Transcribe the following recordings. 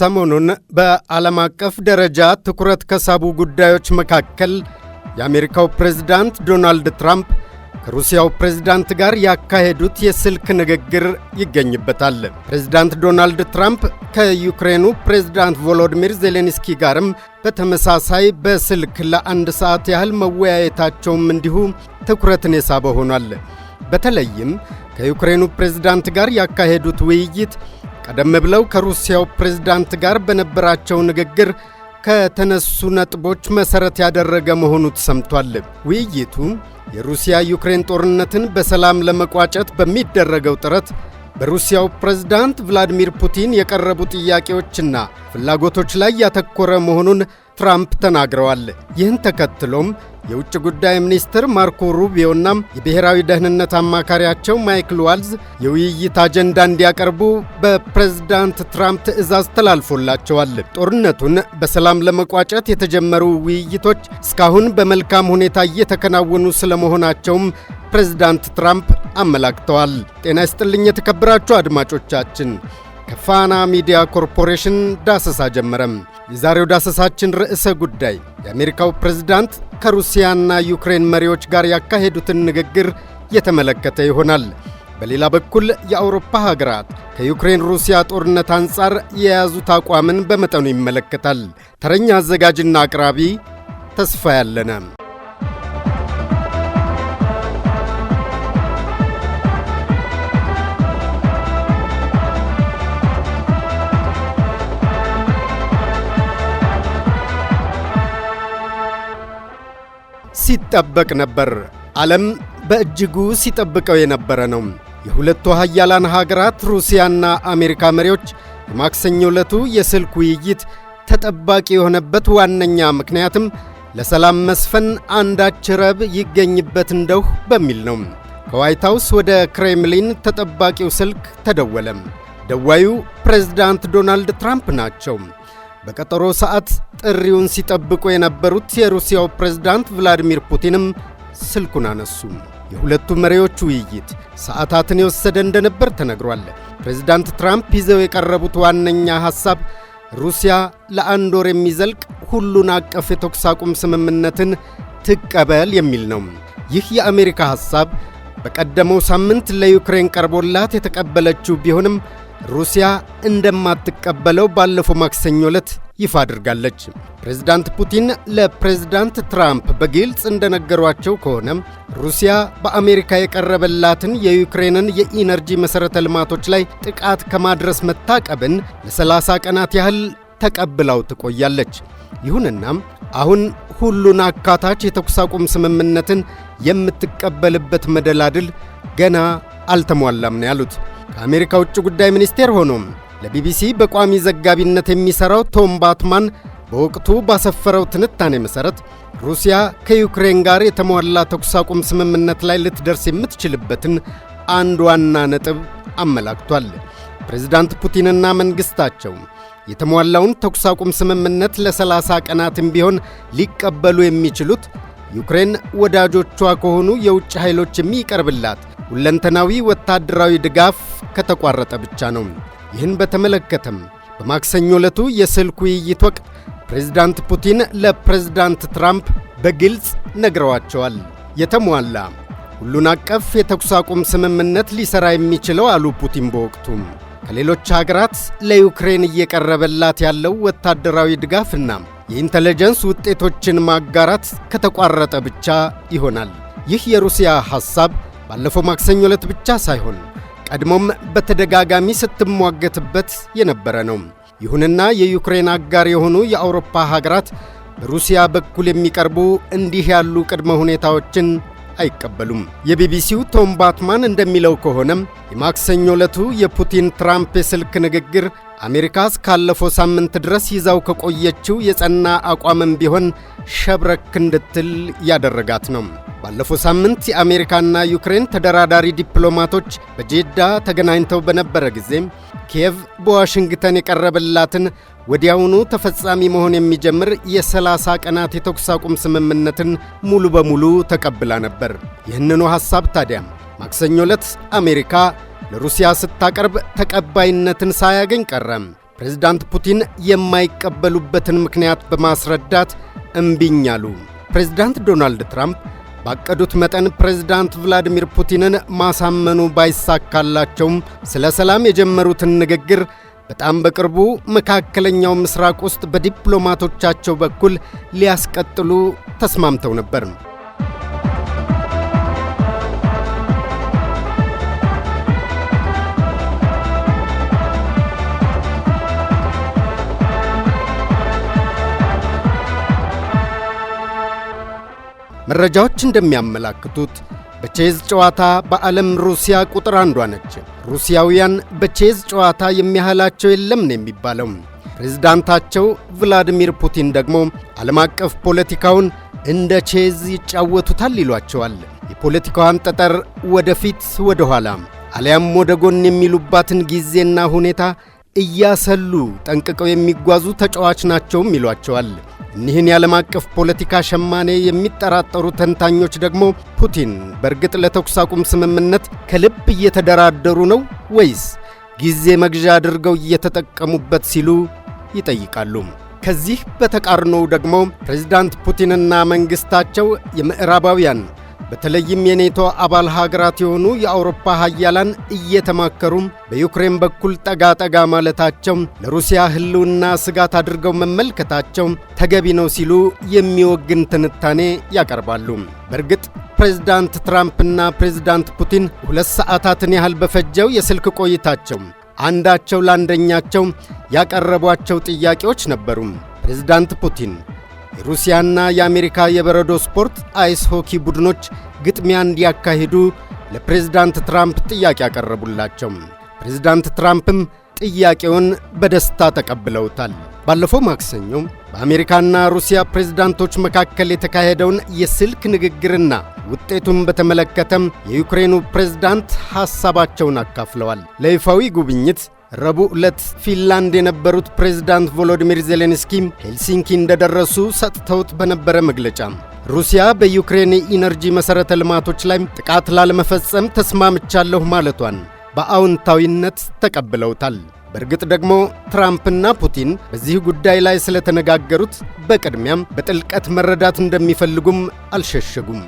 ሰሞኑን በዓለም አቀፍ ደረጃ ትኩረት ከሳቡ ጉዳዮች መካከል የአሜሪካው ፕሬዝዳንት ዶናልድ ትራምፕ ከሩሲያው ፕሬዝዳንት ጋር ያካሄዱት የስልክ ንግግር ይገኝበታል። ፕሬዝዳንት ዶናልድ ትራምፕ ከዩክሬኑ ፕሬዝዳንት ቮሎዲሚር ዜሌንስኪ ጋርም በተመሳሳይ በስልክ ለአንድ ሰዓት ያህል መወያየታቸውም እንዲሁ ትኩረትን የሳበ ሆኗል። በተለይም ከዩክሬኑ ፕሬዝዳንት ጋር ያካሄዱት ውይይት ቀደም ብለው ከሩሲያው ፕሬዝዳንት ጋር በነበራቸው ንግግር ከተነሱ ነጥቦች መሠረት ያደረገ መሆኑ ተሰምቷል። ውይይቱ የሩሲያ ዩክሬን ጦርነትን በሰላም ለመቋጨት በሚደረገው ጥረት በሩሲያው ፕሬዝዳንት ቭላዲሚር ፑቲን የቀረቡ ጥያቄዎችና ፍላጎቶች ላይ ያተኮረ መሆኑን ትራምፕ ተናግረዋል። ይህን ተከትሎም የውጭ ጉዳይ ሚኒስትር ማርኮ ሩቢዮና የብሔራዊ ደህንነት አማካሪያቸው ማይክል ዋልዝ የውይይት አጀንዳ እንዲያቀርቡ በፕሬዝዳንት ትራምፕ ትዕዛዝ ተላልፎላቸዋል። ጦርነቱን በሰላም ለመቋጨት የተጀመሩ ውይይቶች እስካሁን በመልካም ሁኔታ እየተከናወኑ ስለመሆናቸውም ፕሬዝዳንት ትራምፕ አመላክተዋል። ጤና ይስጥልኝ የተከበራችሁ አድማጮቻችን ከፋና ሚዲያ ኮርፖሬሽን ዳሰሳ ጀመረም። የዛሬው ዳሰሳችን ርዕሰ ጉዳይ የአሜሪካው ፕሬዝዳንት ከሩሲያና ዩክሬን መሪዎች ጋር ያካሄዱትን ንግግር የተመለከተ ይሆናል። በሌላ በኩል የአውሮፓ ሀገራት ከዩክሬን ሩሲያ ጦርነት አንጻር የያዙት አቋምን በመጠኑ ይመለከታል። ተረኛ አዘጋጅና አቅራቢ ተስፋ ያለነ ሲጠበቅ ነበር። ዓለም በእጅጉ ሲጠብቀው የነበረ ነው። የሁለቱ ኃያላን ሀገራት ሩሲያና አሜሪካ መሪዎች የማክሰኞ ዕለቱ የስልክ ውይይት ተጠባቂ የሆነበት ዋነኛ ምክንያትም ለሰላም መስፈን አንዳች ረብ ይገኝበት እንደሁ በሚል ነው። ከዋይት ሃውስ ወደ ክሬምሊን ተጠባቂው ስልክ ተደወለም። ደዋዩ ፕሬዝዳንት ዶናልድ ትራምፕ ናቸው። በቀጠሮ ሰዓት ጥሪውን ሲጠብቁ የነበሩት የሩሲያው ፕሬዝዳንት ቭላዲሚር ፑቲንም ስልኩን አነሱ። የሁለቱ መሪዎች ውይይት ሰዓታትን የወሰደ እንደነበር ተነግሯል። ፕሬዝዳንት ትራምፕ ይዘው የቀረቡት ዋነኛ ሐሳብ ሩሲያ ለአንድ ወር የሚዘልቅ ሁሉን አቀፍ የተኩስ አቁም ስምምነትን ትቀበል የሚል ነው። ይህ የአሜሪካ ሐሳብ በቀደመው ሳምንት ለዩክሬን ቀርቦላት የተቀበለችው ቢሆንም ሩሲያ እንደማትቀበለው ባለፈው ማክሰኞ ዕለት ይፋ አድርጋለች። ፕሬዝዳንት ፑቲን ለፕሬዝዳንት ትራምፕ በግልጽ እንደነገሯቸው ከሆነም ሩሲያ በአሜሪካ የቀረበላትን የዩክሬንን የኢነርጂ መሠረተ ልማቶች ላይ ጥቃት ከማድረስ መታቀብን ለ30 ቀናት ያህል ተቀብላው ትቆያለች። ይሁንና አሁን ሁሉን አካታች የተኩስ አቁም ስምምነትን የምትቀበልበት መደላድል ገና አልተሟላም ነው ያሉት። ከአሜሪካ ውጭ ጉዳይ ሚኒስቴር ሆኖም ለቢቢሲ በቋሚ ዘጋቢነት የሚሠራው ቶም ባትማን በወቅቱ ባሰፈረው ትንታኔ መሠረት ሩሲያ ከዩክሬን ጋር የተሟላ ተኩስ አቁም ስምምነት ላይ ልትደርስ የምትችልበትን አንድ ዋና ነጥብ አመላክቷል። ፕሬዝዳንት ፑቲንና መንግሥታቸው የተሟላውን ተኩስ አቁም ስምምነት ለ30 ቀናትም ቢሆን ሊቀበሉ የሚችሉት ዩክሬን ወዳጆቿ ከሆኑ የውጭ ኃይሎች የሚቀርብላት ሁለንተናዊ ወታደራዊ ድጋፍ ከተቋረጠ ብቻ ነው። ይህን በተመለከተም በማክሰኞ ዕለቱ የስልክ ውይይት ወቅት ፕሬዝዳንት ፑቲን ለፕሬዝዳንት ትራምፕ በግልጽ ነግረዋቸዋል። የተሟላ ሁሉን አቀፍ የተኩስ አቁም ስምምነት ሊሠራ የሚችለው አሉ ፑቲን በወቅቱ ከሌሎች ሀገራት ለዩክሬን እየቀረበላት ያለው ወታደራዊ ድጋፍና የኢንተለጀንስ ውጤቶችን ማጋራት ከተቋረጠ ብቻ ይሆናል። ይህ የሩሲያ ሐሳብ ባለፈው ማክሰኞ ዕለት ብቻ ሳይሆን ቀድሞም በተደጋጋሚ ስትሟገትበት የነበረ ነው። ይሁንና የዩክሬን አጋር የሆኑ የአውሮፓ ሀገራት በሩሲያ በኩል የሚቀርቡ እንዲህ ያሉ ቅድመ ሁኔታዎችን አይቀበሉም። የቢቢሲው ቶም ባትማን እንደሚለው ከሆነም የማክሰኞ ዕለቱ የፑቲን ትራምፕ የስልክ ንግግር አሜሪካ እስካለፈው ሳምንት ድረስ ይዛው ከቆየችው የጸና አቋምም ቢሆን ሸብረክ እንድትል ያደረጋት ነው። ባለፈው ሳምንት የአሜሪካና ዩክሬን ተደራዳሪ ዲፕሎማቶች በጄዳ ተገናኝተው በነበረ ጊዜም ኪየቭ በዋሽንግተን የቀረበላትን ወዲያውኑ ተፈጻሚ መሆን የሚጀምር የ30 ቀናት የተኩስ አቁም ስምምነትን ሙሉ በሙሉ ተቀብላ ነበር። ይህንኑ ሐሳብ ታዲያም ማክሰኞ ዕለት አሜሪካ ለሩሲያ ስታቀርብ ተቀባይነትን ሳያገኝ ቀረም። ፕሬዝዳንት ፑቲን የማይቀበሉበትን ምክንያት በማስረዳት እምቢኝ አሉ። ፕሬዝዳንት ዶናልድ ትራምፕ ባቀዱት መጠን ፕሬዝዳንት ቭላዲሚር ፑቲንን ማሳመኑ ባይሳካላቸውም ስለ ሰላም የጀመሩትን ንግግር በጣም በቅርቡ መካከለኛው ምስራቅ ውስጥ በዲፕሎማቶቻቸው በኩል ሊያስቀጥሉ ተስማምተው ነበር። መረጃዎች እንደሚያመላክቱት በቼዝ ጨዋታ በዓለም ሩሲያ ቁጥር አንዷ ነች። ሩሲያውያን በቼዝ ጨዋታ የሚያህላቸው የለም ነው የሚባለው። ፕሬዝዳንታቸው ቭላዲሚር ፑቲን ደግሞ ዓለም አቀፍ ፖለቲካውን እንደ ቼዝ ይጫወቱታል ይሏቸዋል። የፖለቲካዋን ጠጠር ወደፊት ወደ ኋላ አሊያም ወደ ጎን የሚሉባትን ጊዜና ሁኔታ እያሰሉ ጠንቅቀው የሚጓዙ ተጫዋች ናቸውም ይሏቸዋል። እኒህን የዓለም አቀፍ ፖለቲካ ሸማኔ የሚጠራጠሩ ተንታኞች ደግሞ ፑቲን በእርግጥ ለተኩስ አቁም ስምምነት ከልብ እየተደራደሩ ነው ወይስ ጊዜ መግዣ አድርገው እየተጠቀሙበት ሲሉ ይጠይቃሉ። ከዚህ በተቃርኖው ደግሞ ፕሬዝዳንት ፑቲንና መንግሥታቸው የምዕራባውያን በተለይም የኔቶ አባል ሀገራት የሆኑ የአውሮፓ ሀያላን እየተማከሩም በዩክሬን በኩል ጠጋ ጠጋ ማለታቸው ለሩሲያ ሕልውና ስጋት አድርገው መመልከታቸው ተገቢ ነው ሲሉ የሚወግን ትንታኔ ያቀርባሉ። በእርግጥ ፕሬዝዳንት ትራምፕና ፕሬዝዳንት ፑቲን ሁለት ሰዓታትን ያህል በፈጀው የስልክ ቆይታቸው አንዳቸው ለአንደኛቸው ያቀረቧቸው ጥያቄዎች ነበሩ። ፕሬዝዳንት ፑቲን የሩሲያና የአሜሪካ የበረዶ ስፖርት አይስ ሆኪ ቡድኖች ግጥሚያ እንዲያካሂዱ ለፕሬዝዳንት ትራምፕ ጥያቄ ያቀረቡላቸው። ፕሬዝዳንት ትራምፕም ጥያቄውን በደስታ ተቀብለውታል። ባለፈው ማክሰኞ በአሜሪካና ሩሲያ ፕሬዝዳንቶች መካከል የተካሄደውን የስልክ ንግግርና ውጤቱን በተመለከተም የዩክሬኑ ፕሬዝዳንት ሐሳባቸውን አካፍለዋል። ለይፋዊ ጉብኝት ረቡዕ ዕለት ፊንላንድ የነበሩት ፕሬዝዳንት ቮሎዲሚር ዜሌንስኪ ሄልሲንኪ እንደደረሱ ሰጥተውት በነበረ መግለጫ ሩሲያ በዩክሬን የኢነርጂ መሠረተ ልማቶች ላይ ጥቃት ላለመፈጸም ተስማምቻለሁ ማለቷን በአዎንታዊነት ተቀብለውታል። በእርግጥ ደግሞ ትራምፕና ፑቲን በዚህ ጉዳይ ላይ ስለተነጋገሩት በቅድሚያም በጥልቀት መረዳት እንደሚፈልጉም አልሸሸጉም።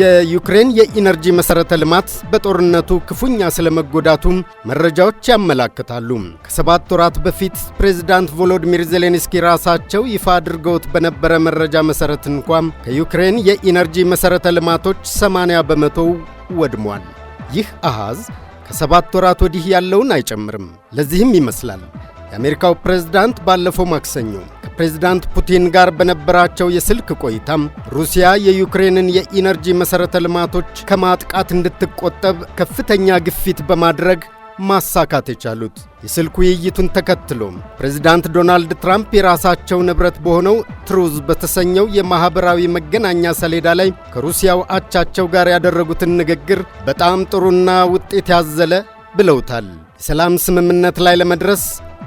የዩክሬን የኢነርጂ መሠረተ ልማት በጦርነቱ ክፉኛ ስለመጎዳቱም መረጃዎች ያመላክታሉ። ከሰባት ወራት በፊት ፕሬዝዳንት ቮሎዲሚር ዜሌንስኪ ራሳቸው ይፋ አድርገውት በነበረ መረጃ መሠረት እንኳም ከዩክሬን የኢነርጂ መሠረተ ልማቶች 80 በመቶው ወድሟል። ይህ አሃዝ ከሰባት ወራት ወዲህ ያለውን አይጨምርም። ለዚህም ይመስላል የአሜሪካው ፕሬዝዳንት ባለፈው ማክሰኞ ከፕሬዝዳንት ፑቲን ጋር በነበራቸው የስልክ ቆይታም ሩሲያ የዩክሬንን የኢነርጂ መሠረተ ልማቶች ከማጥቃት እንድትቆጠብ ከፍተኛ ግፊት በማድረግ ማሳካት የቻሉት። የስልክ ውይይቱን ተከትሎ ፕሬዝዳንት ዶናልድ ትራምፕ የራሳቸው ንብረት በሆነው ትሩዝ በተሰኘው የማኅበራዊ መገናኛ ሰሌዳ ላይ ከሩሲያው አቻቸው ጋር ያደረጉትን ንግግር በጣም ጥሩና ውጤት ያዘለ ብለውታል። የሰላም ስምምነት ላይ ለመድረስ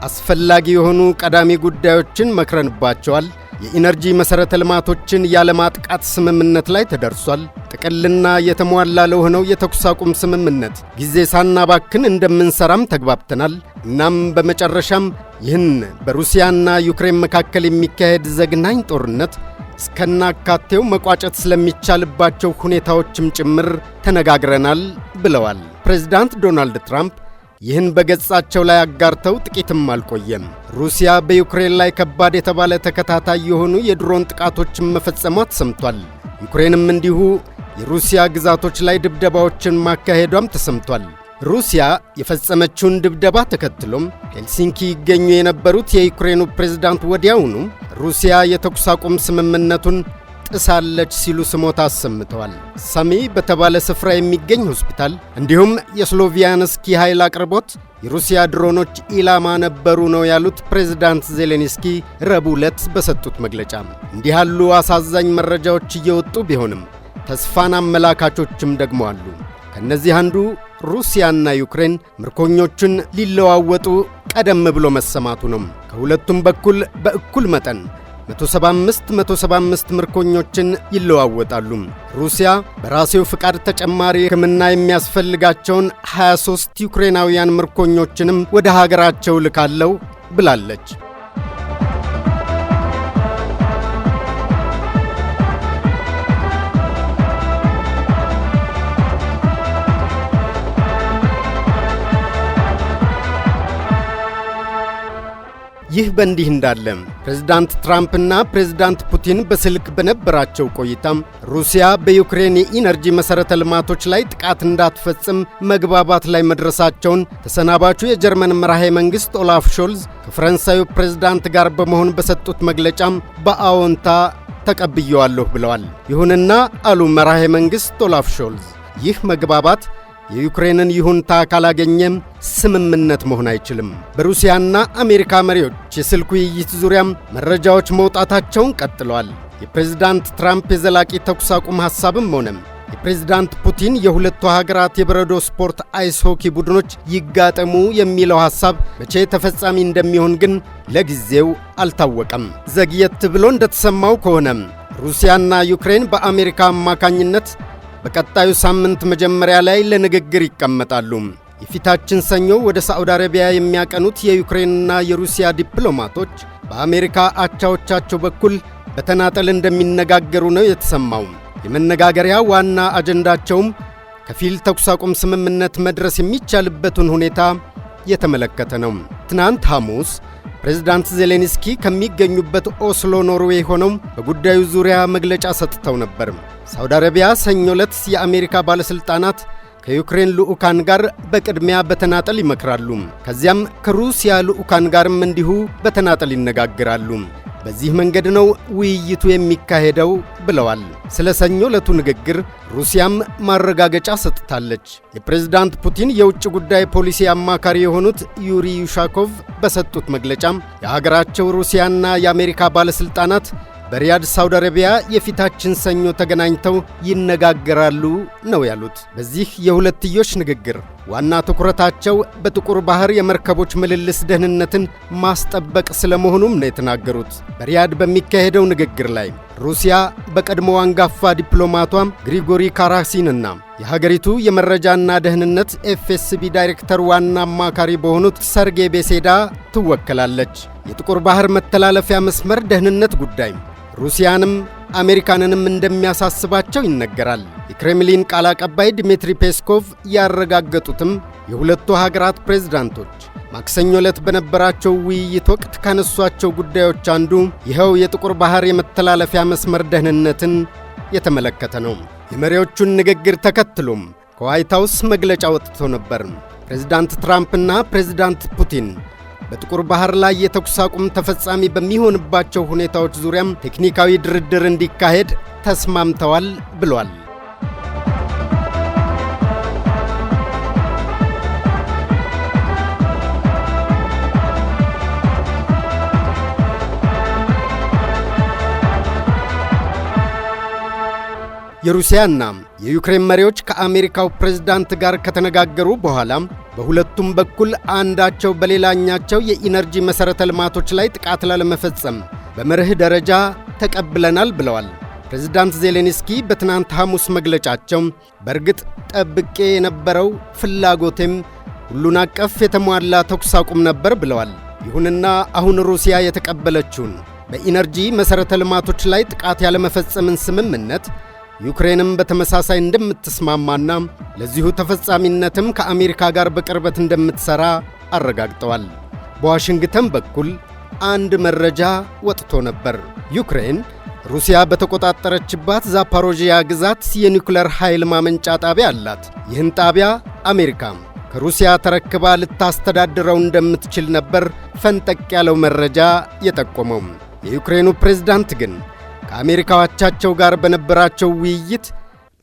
አስፈላጊ የሆኑ ቀዳሚ ጉዳዮችን መክረንባቸዋል። የኢነርጂ መሠረተ ልማቶችን ያለማጥቃት ስምምነት ላይ ተደርሷል። ጥቅልና የተሟላ ለሆነው የተኩስ አቁም ስምምነት ጊዜ ሳናባክን እንደምንሰራም ተግባብተናል። እናም በመጨረሻም ይህን በሩሲያና ዩክሬን መካከል የሚካሄድ ዘግናኝ ጦርነት እስከናካቴው መቋጨት ስለሚቻልባቸው ሁኔታዎችም ጭምር ተነጋግረናል ብለዋል ፕሬዚዳንት ዶናልድ ትራምፕ። ይህን በገጻቸው ላይ አጋርተው ጥቂትም አልቆየም። ሩሲያ በዩክሬን ላይ ከባድ የተባለ ተከታታይ የሆኑ የድሮን ጥቃቶችን መፈጸሟ ተሰምቷል። ዩክሬንም እንዲሁ የሩሲያ ግዛቶች ላይ ድብደባዎችን ማካሄዷም ተሰምቷል። ሩሲያ የፈጸመችውን ድብደባ ተከትሎም ሄልሲንኪ ይገኙ የነበሩት የዩክሬኑ ፕሬዝዳንት ወዲያውኑ ሩሲያ የተኩስ አቁም ስምምነቱን ጥሳለች ሲሉ ስሞታ አሰምተዋል። ሰሚ በተባለ ስፍራ የሚገኝ ሆስፒታል እንዲሁም የስሎቪያንስኪ ኃይል አቅርቦት የሩሲያ ድሮኖች ኢላማ ነበሩ ነው ያሉት ፕሬዝዳንት ዜሌንስኪ ረቡዕ ዕለት በሰጡት መግለጫ። እንዲህ ያሉ አሳዛኝ መረጃዎች እየወጡ ቢሆንም ተስፋን አመላካቾችም ደግሞ አሉ። ከእነዚህ አንዱ ሩሲያና ዩክሬን ምርኮኞቹን ሊለዋወጡ ቀደም ብሎ መሰማቱ ነው። ከሁለቱም በኩል በእኩል መጠን 175 175 ምርኮኞችን ይለዋወጣሉ። ሩሲያ በራሴው ፍቃድ ተጨማሪ ሕክምና የሚያስፈልጋቸውን 23 ዩክሬናውያን ምርኮኞችንም ወደ ሀገራቸው ልካለው ብላለች። ይህ በእንዲህ እንዳለም። ፕሬዝዳንት ትራምፕና ፕሬዝዳንት ፑቲን በስልክ በነበራቸው ቆይታም ሩሲያ በዩክሬን የኢነርጂ መሠረተ ልማቶች ላይ ጥቃት እንዳትፈጽም መግባባት ላይ መድረሳቸውን ተሰናባቹ የጀርመን መራሄ መንግሥት ኦላፍ ሾልዝ ከፈረንሳዩ ፕሬዝዳንት ጋር በመሆን በሰጡት መግለጫም በአዎንታ ተቀብየዋለሁ ብለዋል። ይሁንና አሉ መራሄ መንግሥት ኦላፍ ሾልዝ ይህ መግባባት የዩክሬንን ይሁንታ ካላገኘም ስምምነት መሆን አይችልም። በሩሲያና አሜሪካ መሪዎች የስልክ ውይይት ዙሪያም መረጃዎች መውጣታቸውን ቀጥለዋል። የፕሬዝዳንት ትራምፕ የዘላቂ ተኩስ አቁም ሐሳብም ሆነም የፕሬዝዳንት ፑቲን የሁለቱ ሀገራት የበረዶ ስፖርት አይስ ሆኪ ቡድኖች ይጋጠሙ የሚለው ሐሳብ መቼ ተፈጻሚ እንደሚሆን ግን ለጊዜው አልታወቀም። ዘግየት ብሎ እንደተሰማው ከሆነም ሩሲያና ዩክሬን በአሜሪካ አማካኝነት በቀጣዩ ሳምንት መጀመሪያ ላይ ለንግግር ይቀመጣሉ። የፊታችን ሰኞ ወደ ሳዑዲ አረቢያ የሚያቀኑት የዩክሬንና የሩሲያ ዲፕሎማቶች በአሜሪካ አቻዎቻቸው በኩል በተናጠል እንደሚነጋገሩ ነው የተሰማው። የመነጋገሪያ ዋና አጀንዳቸውም ከፊል ተኩስ አቁም ስምምነት መድረስ የሚቻልበትን ሁኔታ የተመለከተ ነው። ትናንት ሐሙስ ፕሬዝዳንት ዜሌንስኪ ከሚገኙበት ኦስሎ ኖርዌይ ሆነው በጉዳዩ ዙሪያ መግለጫ ሰጥተው ነበር። ሳውዲ አረቢያ ሰኞ ዕለት የአሜሪካ ባለሥልጣናት ከዩክሬን ልዑካን ጋር በቅድሚያ በተናጠል ይመክራሉ። ከዚያም ከሩሲያ ልዑካን ጋርም እንዲሁ በተናጠል ይነጋግራሉ። በዚህ መንገድ ነው ውይይቱ የሚካሄደው ብለዋል። ስለ ሰኞ ዕለቱ ንግግር ሩሲያም ማረጋገጫ ሰጥታለች። የፕሬዝዳንት ፑቲን የውጭ ጉዳይ ፖሊሲ አማካሪ የሆኑት ዩሪ ዩሻኮቭ በሰጡት መግለጫም የሀገራቸው ሩሲያና የአሜሪካ ባለሥልጣናት በሪያድ ሳውዲ አረቢያ የፊታችን ሰኞ ተገናኝተው ይነጋገራሉ ነው ያሉት። በዚህ የሁለትዮሽ ንግግር ዋና ትኩረታቸው በጥቁር ባህር የመርከቦች ምልልስ ደህንነትን ማስጠበቅ ስለመሆኑም ነው የተናገሩት። በሪያድ በሚካሄደው ንግግር ላይ ሩሲያ በቀድሞ አንጋፋ ዲፕሎማቷም ግሪጎሪ ካራሲንና የሀገሪቱ የመረጃና ደህንነት ኤፍኤስቢ ዳይሬክተር ዋና አማካሪ በሆኑት ሰርጌ ቤሴዳ ትወከላለች። የጥቁር ባህር መተላለፊያ መስመር ደህንነት ጉዳይ ሩሲያንም አሜሪካንንም እንደሚያሳስባቸው ይነገራል። የክሬምሊን ቃል አቀባይ ድሚትሪ ፔስኮቭ ያረጋገጡትም የሁለቱ ሀገራት ፕሬዝዳንቶች ማክሰኞ ዕለት በነበራቸው ውይይት ወቅት ካነሷቸው ጉዳዮች አንዱ ይኸው የጥቁር ባህር የመተላለፊያ መስመር ደህንነትን የተመለከተ ነው። የመሪዎቹን ንግግር ተከትሎም ከዋይት ሃውስ መግለጫ ወጥቶ ነበር። ፕሬዝዳንት ትራምፕና ፕሬዝዳንት ፑቲን በጥቁር ባህር ላይ የተኩስ አቁም ተፈጻሚ በሚሆንባቸው ሁኔታዎች ዙሪያም ቴክኒካዊ ድርድር እንዲካሄድ ተስማምተዋል ብሏል። የሩሲያና የዩክሬን መሪዎች ከአሜሪካው ፕሬዝዳንት ጋር ከተነጋገሩ በኋላ በሁለቱም በኩል አንዳቸው በሌላኛቸው የኢነርጂ መሠረተ ልማቶች ላይ ጥቃት ላለመፈጸም በመርህ ደረጃ ተቀብለናል ብለዋል። ፕሬዝዳንት ዜሌንስኪ በትናንት ሐሙስ መግለጫቸው በእርግጥ ጠብቄ የነበረው ፍላጎቴም ሁሉን አቀፍ የተሟላ ተኩስ አቁም ነበር ብለዋል። ይሁንና አሁን ሩሲያ የተቀበለችውን በኢነርጂ መሠረተ ልማቶች ላይ ጥቃት ያለመፈጸምን ስምምነት ዩክሬንም በተመሳሳይ እንደምትስማማና ለዚሁ ተፈጻሚነትም ከአሜሪካ ጋር በቅርበት እንደምትሠራ አረጋግጠዋል። በዋሽንግተን በኩል አንድ መረጃ ወጥቶ ነበር። ዩክሬን ሩሲያ በተቆጣጠረችባት ዛፓሮዥያ ግዛት የኒውክለር ኃይል ማመንጫ ጣቢያ አላት። ይህን ጣቢያ አሜሪካም ከሩሲያ ተረክባ ልታስተዳድረው እንደምትችል ነበር ፈንጠቅ ያለው መረጃ የጠቆመው። የዩክሬኑ ፕሬዝዳንት ግን ከአሜሪካዎቻቸው ጋር በነበራቸው ውይይት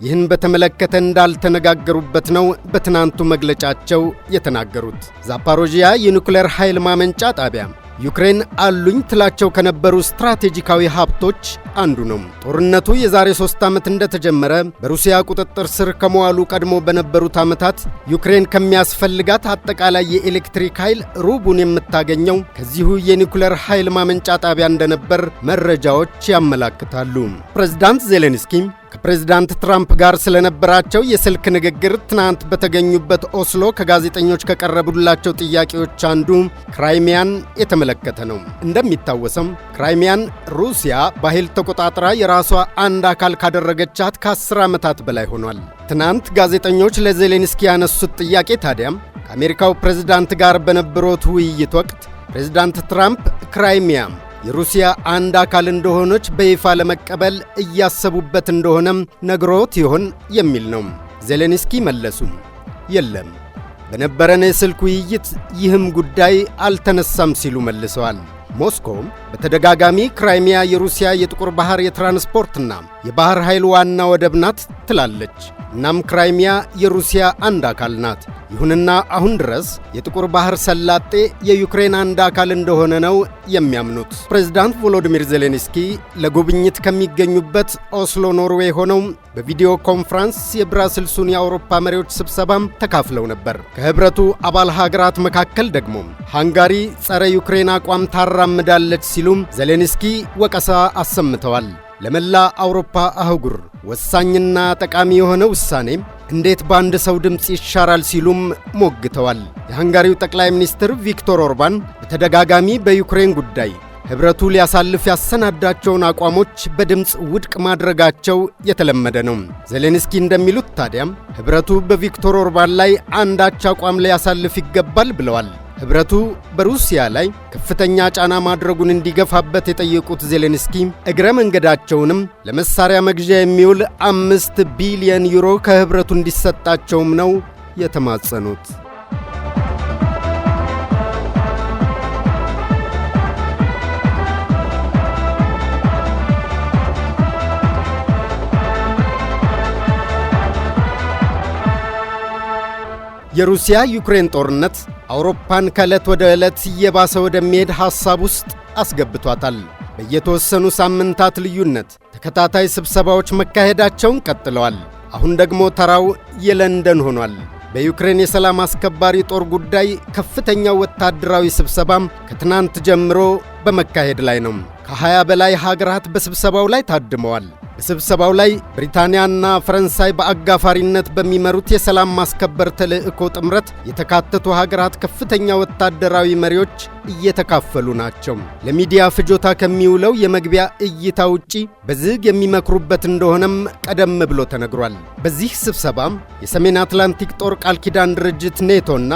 ይህን በተመለከተ እንዳልተነጋገሩበት ነው በትናንቱ መግለጫቸው የተናገሩት። ዛፓሮዥያ የኒኩሌር ኃይል ማመንጫ ጣቢያ ዩክሬን አሉኝ ትላቸው ከነበሩ ስትራቴጂካዊ ሀብቶች አንዱ ነው። ጦርነቱ የዛሬ ሦስት ዓመት እንደተጀመረ በሩሲያ ቁጥጥር ስር ከመዋሉ ቀድሞ በነበሩት ዓመታት ዩክሬን ከሚያስፈልጋት አጠቃላይ የኤሌክትሪክ ኃይል ሩቡን የምታገኘው ከዚሁ የኒኩሌር ኃይል ማመንጫ ጣቢያ እንደነበር መረጃዎች ያመላክታሉ። ፕሬዚዳንት ዜሌንስኪ ከፕሬዝዳንት ትራምፕ ጋር ስለነበራቸው የስልክ ንግግር ትናንት በተገኙበት ኦስሎ ከጋዜጠኞች ከቀረቡላቸው ጥያቄዎች አንዱ ክራይሚያን የተመለከተ ነው። እንደሚታወሰም ክራይሚያን ሩሲያ በኃይል ተቆጣጥራ የራሷ አንድ አካል ካደረገቻት ከአስር ዓመታት በላይ ሆኗል። ትናንት ጋዜጠኞች ለዜሌንስኪ ያነሱት ጥያቄ ታዲያም ከአሜሪካው ፕሬዝዳንት ጋር በነበሩት ውይይት ወቅት ፕሬዝዳንት ትራምፕ ክራይሚያ የሩሲያ አንድ አካል እንደሆነች በይፋ ለመቀበል እያሰቡበት እንደሆነም ነግሮት ይሆን የሚል ነው። ዜሌንስኪ መለሱ፣ የለም በነበረን የስልክ ውይይት ይህም ጉዳይ አልተነሳም ሲሉ መልሰዋል። ሞስኮ በተደጋጋሚ ክራይሚያ የሩሲያ የጥቁር ባህር የትራንስፖርትና የባህር ኃይል ዋና ወደብ ናት ትላለች። እናም ክራይሚያ የሩሲያ አንድ አካል ናት። ይሁንና አሁን ድረስ የጥቁር ባህር ሰላጤ የዩክሬን አንድ አካል እንደሆነ ነው የሚያምኑት። ፕሬዚዳንት ቮሎዲሚር ዜሌንስኪ ለጉብኝት ከሚገኙበት ኦስሎ ኖርዌይ ሆነው በቪዲዮ ኮንፍራንስ የብራስልሱን የአውሮፓ መሪዎች ስብሰባም ተካፍለው ነበር። ከህብረቱ አባል ሀገራት መካከል ደግሞ ሃንጋሪ ጸረ ዩክሬን አቋም ታራምዳለች ሲሉም ዜሌንስኪ ወቀሳ አሰምተዋል። ለመላ አውሮፓ አህጉር ወሳኝና ጠቃሚ የሆነ ውሳኔ እንዴት በአንድ ሰው ድምፅ ይሻራል ሲሉም ሞግተዋል። የሃንጋሪው ጠቅላይ ሚኒስትር ቪክቶር ኦርባን በተደጋጋሚ በዩክሬን ጉዳይ ኅብረቱ ሊያሳልፍ ያሰናዳቸውን አቋሞች በድምፅ ውድቅ ማድረጋቸው የተለመደ ነው። ዜሌንስኪ እንደሚሉት ታዲያም ኅብረቱ በቪክቶር ኦርባን ላይ አንዳች አቋም ሊያሳልፍ ይገባል ብለዋል። ኅብረቱ በሩሲያ ላይ ከፍተኛ ጫና ማድረጉን እንዲገፋበት የጠየቁት ዜሌንስኪ እግረ መንገዳቸውንም ለመሳሪያ መግዣ የሚውል አምስት ቢሊየን ዩሮ ከኅብረቱ እንዲሰጣቸውም ነው የተማጸኑት። የሩሲያ ዩክሬን ጦርነት አውሮፓን ከዕለት ወደ ዕለት እየባሰ ወደሚሄድ ሐሳብ ውስጥ አስገብቷታል። በየተወሰኑ ሳምንታት ልዩነት ተከታታይ ስብሰባዎች መካሄዳቸውን ቀጥለዋል። አሁን ደግሞ ተራው የለንደን ሆኗል። በዩክሬን የሰላም አስከባሪ ጦር ጉዳይ ከፍተኛው ወታደራዊ ስብሰባም ከትናንት ጀምሮ በመካሄድ ላይ ነው። ከ20 በላይ ሀገራት በስብሰባው ላይ ታድመዋል። በስብሰባው ላይ ብሪታንያና ፈረንሳይ በአጋፋሪነት በሚመሩት የሰላም ማስከበር ተልዕኮ ጥምረት የተካተቱ ሀገራት ከፍተኛ ወታደራዊ መሪዎች እየተካፈሉ ናቸው። ለሚዲያ ፍጆታ ከሚውለው የመግቢያ እይታ ውጪ በዝግ የሚመክሩበት እንደሆነም ቀደም ብሎ ተነግሯል። በዚህ ስብሰባም የሰሜን አትላንቲክ ጦር ቃል ኪዳን ድርጅት ኔቶና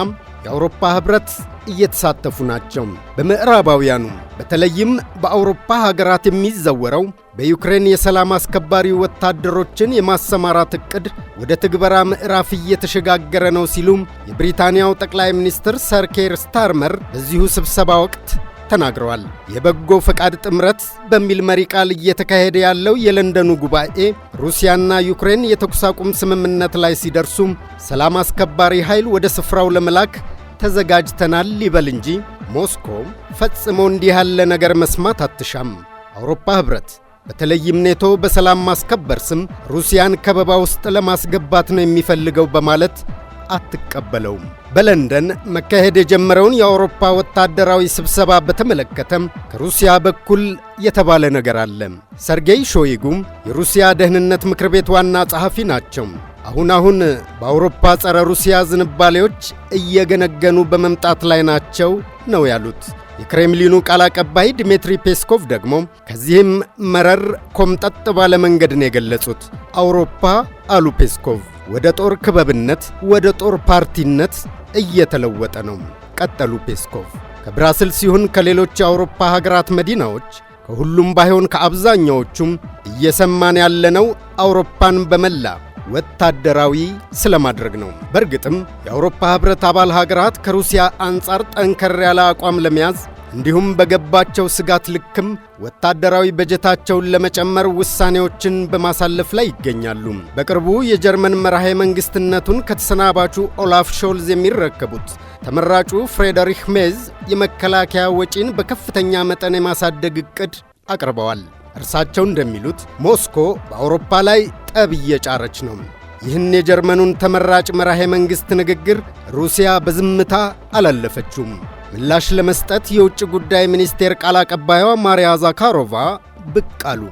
የአውሮፓ ህብረት እየተሳተፉ ናቸው። በምዕራባውያኑ በተለይም በአውሮፓ ሀገራት የሚዘወረው በዩክሬን የሰላም አስከባሪ ወታደሮችን የማሰማራት ዕቅድ ወደ ትግበራ ምዕራፍ እየተሸጋገረ ነው ሲሉም የብሪታንያው ጠቅላይ ሚኒስትር ሰር ኬር ስታርመር በዚሁ ስብሰባ ወቅት ተናግረዋል። የበጎ ፈቃድ ጥምረት በሚል መሪ ቃል እየተካሄደ ያለው የለንደኑ ጉባኤ ሩሲያና ዩክሬን የተኩስ አቁም ስምምነት ላይ ሲደርሱም ሰላም አስከባሪ ኃይል ወደ ስፍራው ለመላክ ተዘጋጅተናል ይበል እንጂ ሞስኮ ፈጽሞ እንዲህ ያለ ነገር መስማት አትሻም። አውሮፓ ኅብረት በተለይም ኔቶ በሰላም ማስከበር ስም ሩሲያን ከበባ ውስጥ ለማስገባት ነው የሚፈልገው በማለት አትቀበለውም። በለንደን መካሄድ የጀመረውን የአውሮፓ ወታደራዊ ስብሰባ በተመለከተም ከሩሲያ በኩል የተባለ ነገር አለ። ሰርጌይ ሾይጉም የሩሲያ ደህንነት ምክር ቤት ዋና ጸሐፊ ናቸው። አሁን አሁን በአውሮፓ ጸረ ሩሲያ ዝንባሌዎች እየገነገኑ በመምጣት ላይ ናቸው ነው ያሉት። የክሬምሊኑ ቃል አቀባይ ድሜትሪ ፔስኮቭ ደግሞ ከዚህም መረር ኮምጠጥ ባለ መንገድ ነው የገለጹት። አውሮፓ አሉ ፔስኮቭ፣ ወደ ጦር ክበብነት፣ ወደ ጦር ፓርቲነት እየተለወጠ ነው። ቀጠሉ ፔስኮቭ። ከብራስልስ ይሁን ከሌሎች የአውሮፓ ሀገራት መዲናዎች ከሁሉም ባይሆን ከአብዛኛዎቹም እየሰማን ያለነው አውሮፓን በመላ ወታደራዊ ስለማድረግ ነው። በእርግጥም የአውሮፓ ህብረት አባል ሀገራት ከሩሲያ አንጻር ጠንከር ያለ አቋም ለመያዝ እንዲሁም በገባቸው ስጋት ልክም ወታደራዊ በጀታቸውን ለመጨመር ውሳኔዎችን በማሳለፍ ላይ ይገኛሉ። በቅርቡ የጀርመን መራሄ መንግስትነቱን ከተሰናባቹ ኦላፍ ሾልዝ የሚረከቡት ተመራጩ ፍሬደሪክ ሜዝ የመከላከያ ወጪን በከፍተኛ መጠን የማሳደግ ዕቅድ አቅርበዋል። እርሳቸው እንደሚሉት ሞስኮ በአውሮፓ ላይ ጠብ እየጫረች ነው። ይህን የጀርመኑን ተመራጭ መራሄ መንግሥት ንግግር ሩሲያ በዝምታ አላለፈችውም። ምላሽ ለመስጠት የውጭ ጉዳይ ሚኒስቴር ቃል አቀባይዋ ማሪያ ዛካሮቫ ብቅ አሉ።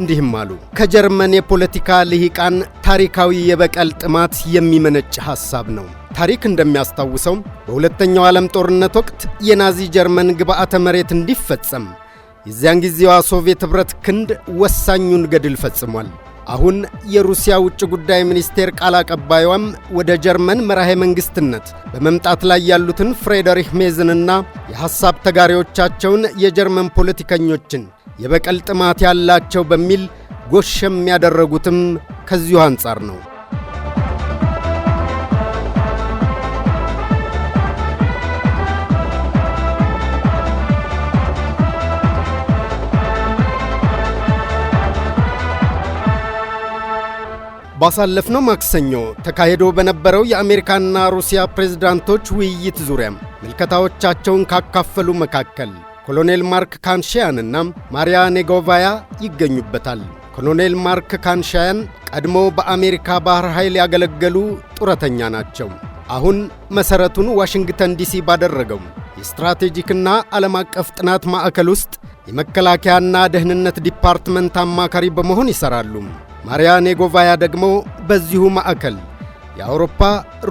እንዲህም አሉ። ከጀርመን የፖለቲካ ልሂቃን ታሪካዊ የበቀል ጥማት የሚመነጭ ሐሳብ ነው። ታሪክ እንደሚያስታውሰው በሁለተኛው ዓለም ጦርነት ወቅት የናዚ ጀርመን ግብዓተ መሬት እንዲፈጸም የዚያን ጊዜዋ ሶቪየት ኅብረት ክንድ ወሳኙን ገድል ፈጽሟል። አሁን የሩሲያ ውጭ ጉዳይ ሚኒስቴር ቃል አቀባዩም ወደ ጀርመን መራሄ መንግስትነት በመምጣት ላይ ያሉትን ፍሬደሪህ ሜዝንና የሐሳብ ተጋሪዎቻቸውን የጀርመን ፖለቲከኞችን የበቀል ጥማት ያላቸው በሚል ጎሸም ያደረጉትም ከዚሁ አንጻር ነው። ባሳለፍነው ማክሰኞ ተካሂዶ በነበረው የአሜሪካና ሩሲያ ፕሬዝዳንቶች ውይይት ዙሪያ ምልከታዎቻቸውን ካካፈሉ መካከል ኮሎኔል ማርክ ካንሻያንና ማሪያ ኔጎቫያ ይገኙበታል። ኮሎኔል ማርክ ካንሻያን ቀድሞ በአሜሪካ ባህር ኃይል ያገለገሉ ጡረተኛ ናቸው። አሁን መሠረቱን ዋሽንግተን ዲሲ ባደረገው የስትራቴጂክና ዓለም አቀፍ ጥናት ማዕከል ውስጥ የመከላከያና ደህንነት ዲፓርትመንት አማካሪ በመሆን ይሠራሉ። ማሪያ ኔጎቫያ ደግሞ በዚሁ ማዕከል የአውሮፓ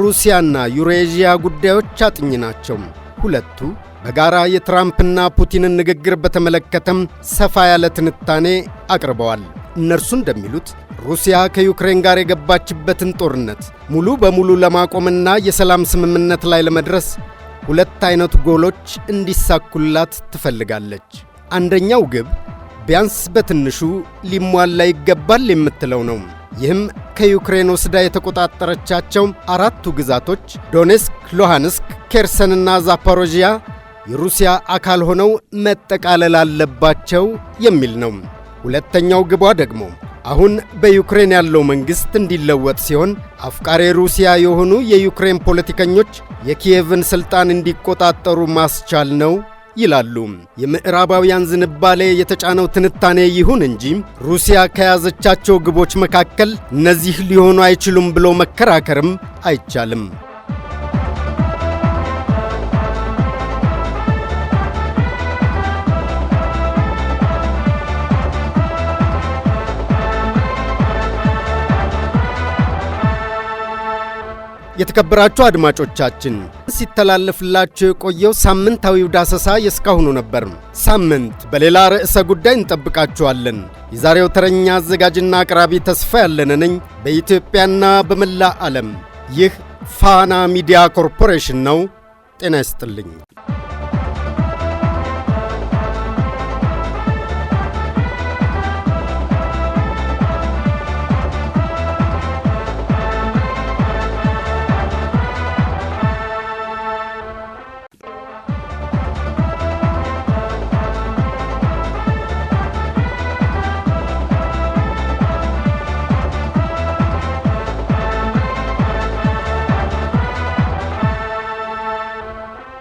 ሩሲያና ዩሬዥያ ጉዳዮች አጥኚ ናቸው። ሁለቱ በጋራ የትራምፕና ፑቲንን ንግግር በተመለከተም ሰፋ ያለ ትንታኔ አቅርበዋል። እነርሱ እንደሚሉት ሩሲያ ከዩክሬን ጋር የገባችበትን ጦርነት ሙሉ በሙሉ ለማቆምና የሰላም ስምምነት ላይ ለመድረስ ሁለት አይነት ጎሎች እንዲሳኩላት ትፈልጋለች። አንደኛው ግብ ቢያንስ በትንሹ ሊሟላ ይገባል የምትለው ነው። ይህም ከዩክሬን ወስዳ የተቆጣጠረቻቸው አራቱ ግዛቶች ዶኔስክ፣ ሉሃንስክ፣ ኬርሰንና ዛፓሮዥያ የሩሲያ አካል ሆነው መጠቃለል አለባቸው የሚል ነው። ሁለተኛው ግቧ ደግሞ አሁን በዩክሬን ያለው መንግሥት እንዲለወጥ ሲሆን አፍቃሪ ሩሲያ የሆኑ የዩክሬን ፖለቲከኞች የኪየቭን ሥልጣን እንዲቆጣጠሩ ማስቻል ነው ይላሉ። የምዕራባውያን ዝንባሌ የተጫነው ትንታኔ ይሁን እንጂ ሩሲያ ከያዘቻቸው ግቦች መካከል እነዚህ ሊሆኑ አይችሉም ብሎ መከራከርም አይቻልም። የተከበራችሁ አድማጮቻችን ሲተላለፍላችሁ የቆየው ሳምንታዊው ዳሰሳ የእስካሁኑ ነበር። ሳምንት በሌላ ርዕሰ ጉዳይ እንጠብቃችኋለን። የዛሬው ተረኛ አዘጋጅና አቅራቢ ተስፋ ያለነ ነኝ። በኢትዮጵያና በመላ ዓለም ይህ ፋና ሚዲያ ኮርፖሬሽን ነው። ጤና ይስጥልኝ።